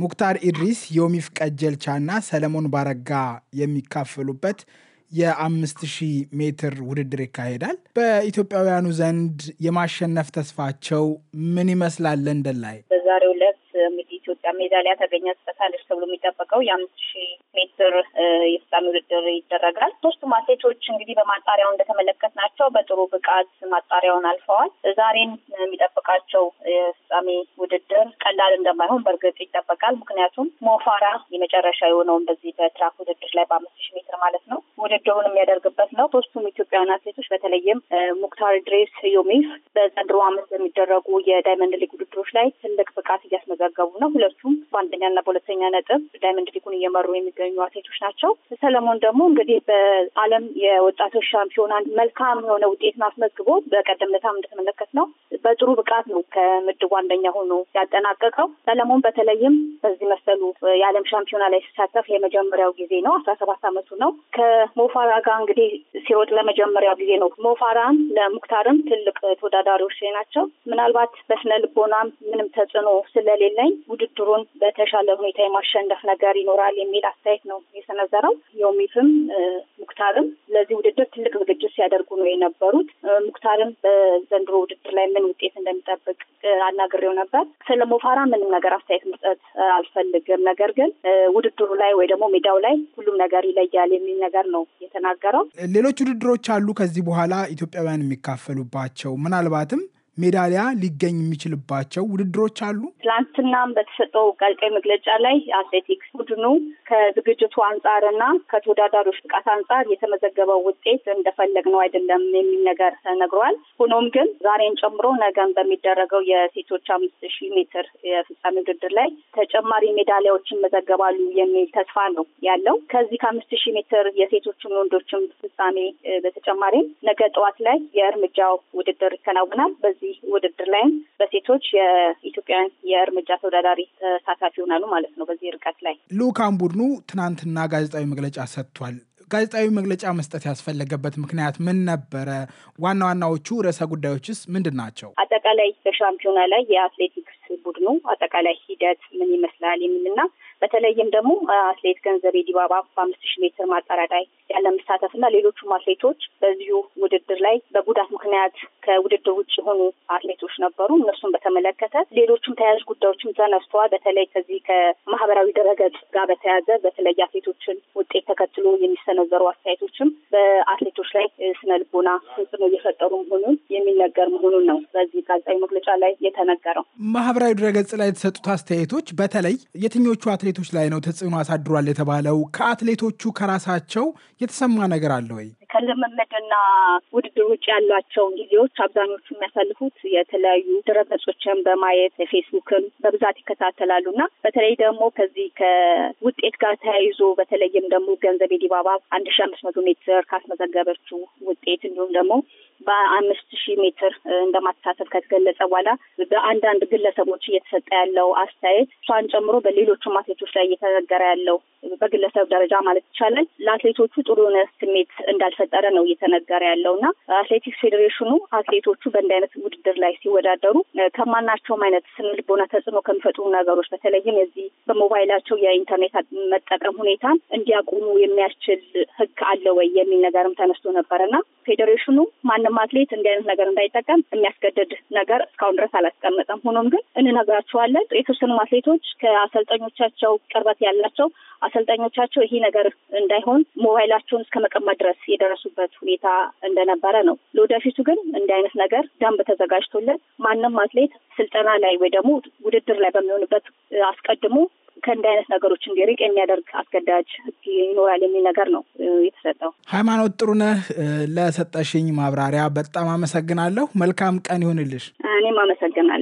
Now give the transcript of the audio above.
ሙክታር ኢድሪስ፣ ዮሚፍ ቀጀልቻ እና ሰለሞን ባረጋ የሚካፈሉበት የ ሺህ ሜትር ውድድር ይካሄዳል። በኢትዮጵያውያኑ ዘንድ የማሸነፍ ተስፋቸው ምን ይመስላል? ለንደን ላይ በዛሬው ዕለት እንግዲህ ኢትዮጵያ ሜዳሊያ ታገኛለች ተብሎ የሚጠበቀው የአምስት ሺህ ሜትር የፍጻሜ ውድድር ይደረጋል። ሶስቱም አትሌቶች እንግዲህ በማጣሪያው እንደተመለከት ናቸው በጥሩ ብቃት ማጣሪያውን አልፈዋል። ዛሬን የሚጠብቃቸው የፍጻሜ ውድድር ቀላል እንደማይሆን በእርግጥ ይጠበቃል። ምክንያቱም ሞፋራ የመጨረሻ የሆነውን በዚህ በትራክ ውድድር ላይ በአምስት ሺህ ሜትር ማለት ነው ውድድሩን የሚያደርግበት ነው ሶስቱም ኢትዮጵያውያን አትሌቶች በተለይም ሙክታር ድሬስ ዮሜፍ በዘንድሮ ዓመት በሚደረጉ የዳይመንድ ሊግ ውድድሮች ላይ ትልቅ ብቃት እያስመዘገቡ ነው። ሁለቱም በአንደኛና በሁለተኛ ነጥብ ዳይመንድ ሊጉን እየመሩ የሚገኙ አትሌቶች ናቸው። ሰለሞን ደግሞ እንግዲህ በዓለም የወጣቶች ሻምፒዮና መልካም የሆነ ውጤት አስመዝግቦ በቀደም እንደተመለከት ነው በጥሩ ብቃት ነው ከምድቡ አንደኛ ሆኖ ያጠናቀቀው። ሰለሞን በተለይም በዚህ መሰሉ የዓለም ሻምፒዮና ላይ ሲሳተፍ የመጀመሪያው ጊዜ ነው። አስራ ሰባት አመቱ ነው። ከሞፋራ ጋር እንግዲህ ሲሮጥ ለመጀመሪያው ጊዜ ነው። ሞፋራም ለሙክታርም ትልቅ ተወዳዳሪዎች ናቸው። ምናልባት በስነ ልቦናም ምንም ተጽዕኖ ስለሌለኝ ውድድሩን በተሻለ ሁኔታ የማሸነፍ ነገር ይኖራል የሚል አስተያየት ነው የሰነዘረው። ዮሚፍም ሙክታርም ለዚህ ውድድር ትልቅ ዝግጅት ሲያደርጉ ነው የነበሩት። ሙክታርም በዘንድሮ ውድድር ላይ ምን ውጤት እንደሚጠብቅ አናግሬው ነበር። ስለ ሞፋራ ምንም ነገር አስተያየት መስጠት አልፈልግም፣ ነገር ግን ውድድሩ ላይ ወይ ደግሞ ሜዳው ላይ ሁሉም ነገር ይለያል የሚል ነገር ነው የተናገረው። ሌሎች ውድድሮች አሉ ከዚህ በኋላ ኢትዮጵያውያን የሚካፈሉባቸው ምናልባትም ሜዳሊያ ሊገኝ የሚችልባቸው ውድድሮች አሉ። ትላንትናም በተሰጠው ቀልቀይ መግለጫ ላይ አትሌቲክስ ቡድኑ ከዝግጅቱ አንጻርና ከተወዳዳሪዎች ብቃት አንጻር የተመዘገበው ውጤት እንደፈለግነው አይደለም የሚል ነገር ተነግሯል። ሆኖም ግን ዛሬን ጨምሮ ነገን በሚደረገው የሴቶች አምስት ሺህ ሜትር የፍጻሜ ውድድር ላይ ተጨማሪ ሜዳሊያዎች ይመዘገባሉ የሚል ተስፋ ነው ያለው። ከዚህ ከአምስት ሺህ ሜትር የሴቶችን ወንዶችም ፍጻሜ በተጨማሪም ነገ ጠዋት ላይ የእርምጃው ውድድር ይከናወናል። በዚህ ውድድር ላይም በሴቶች የኢትዮጵያን የእርምጃ ተወዳዳሪ ተሳታፊ ይሆናሉ ማለት ነው። በዚህ ርቀት ላይ ልኡካን ቡድኑ ትናንትና ጋዜጣዊ መግለጫ ሰጥቷል። ጋዜጣዊ መግለጫ መስጠት ያስፈለገበት ምክንያት ምን ነበረ? ዋና ዋናዎቹ ርዕሰ ጉዳዮችስ ምንድን ናቸው? አጠቃላይ በሻምፒዮና ላይ የአትሌቲክስ ቡድኑ አጠቃላይ ሂደት ምን ይመስላል የሚልና በተለይም ደግሞ አትሌት ገንዘቤ ዲባባ በአምስት ሺህ ሜትር ማጣሪያ ላይ ያለ መሳተፍና ሌሎቹም አትሌቶች በዚሁ ውድድር ላይ በጉዳት ምክንያት ከውድድር ውጭ የሆኑ አትሌቶች ነበሩ። እነሱን በተመለከተ ሌሎችም ተያያዥ ጉዳዮችም ተነስተዋል። በተለይ ከዚህ ከማህበራዊ ድረገጽ ጋር በተያያዘ በተለይ አትሌቶችን ውጤት ተከትሎ የሚሰነዘሩ አስተያየቶችም በአትሌቶች ላይ ስነ ልቦና ተጽዕኖ እየፈጠሩ መሆኑን የሚነገር መሆኑን ነው በዚህ ጋዜጣዊ መግለጫ ላይ የተነገረው። ማህበራዊ ድረገጽ ላይ የተሰጡት አስተያየቶች በተለይ የትኞቹ አትሌቶች ላይ ነው ተጽዕኖ አሳድሯል የተባለው? ከአትሌቶቹ ከራሳቸው የተሰማ ነገር አለ ወይ? ከልምምድና ውድድር ውጭ ያሏቸውን ጊዜዎች አብዛኞቹ የሚያሳልፉት የተለያዩ ድረገጾችን በማየት ፌስቡክን በብዛት ይከታተላሉ እና በተለይ ደግሞ ከዚህ ከውጤት ጋር ተያይዞ በተለይም ደግሞ ገንዘቤ ዲባባ አንድ ሺ አምስት መቶ ሜትር ካስመዘገበችው ውጤት እንዲሁም ደግሞ በአምስት ሺህ ሜትር እንደማትሳተፍ ከተገለጸ በኋላ በአንዳንድ ግለሰቦች እየተሰጠ ያለው አስተያየት እሷን ጨምሮ በሌሎችም አትሌቶች ላይ እየተነገረ ያለው በግለሰብ ደረጃ ማለት ይቻላል ለአትሌቶቹ ጥሩ የሆነ ስሜት እንዳልፈጠረ ነው እየተነገረ ያለው እና አትሌቲክስ ፌዴሬሽኑ አትሌቶቹ በእንዲህ አይነት ውድድር ላይ ሲወዳደሩ ከማናቸውም አይነት ስነልቦና ተጽዕኖ ከሚፈጥሩ ነገሮች በተለይም የዚህ በሞባይላቸው የኢንተርኔት መጠቀም ሁኔታን እንዲያቆሙ የሚያስችል ህግ አለ ወይ የሚል ነገርም ተነስቶ ነበረና ፌዴሬሽኑ ማንም አትሌት እንዲህ አይነት ነገር እንዳይጠቀም የሚያስገድድ ነገር እስካሁን ድረስ አላስቀመጠም። ሆኖም ግን እንነግራቸዋለን። የተወሰኑ አትሌቶች ከአሰልጣኞቻቸው ቅርበት ያላቸው አሰልጣኞቻቸው ይሄ ነገር እንዳይሆን ሞባይላቸውን እስከ መቀማት ድረስ የደረሱበት ሁኔታ እንደነበረ ነው። ለወደፊቱ ግን እንዲህ አይነት ነገር ደንብ ተዘጋጅቶለት ማንም አትሌት ስልጠና ላይ ወይ ደግሞ ውድድር ላይ በሚሆንበት አስቀድሞ ከእንዲህ አይነት ነገሮች እንዲርቅ የሚያደርግ አስገዳጅ ህግ ይኖራል የሚል ነገር ነው የተሰጠው። ሃይማኖት ጥሩነህ ለሰጠሽኝ ማብራሪያ በጣም አመሰግናለሁ። መልካም ቀን ይሁንልሽ። እኔም አመሰግናለሁ።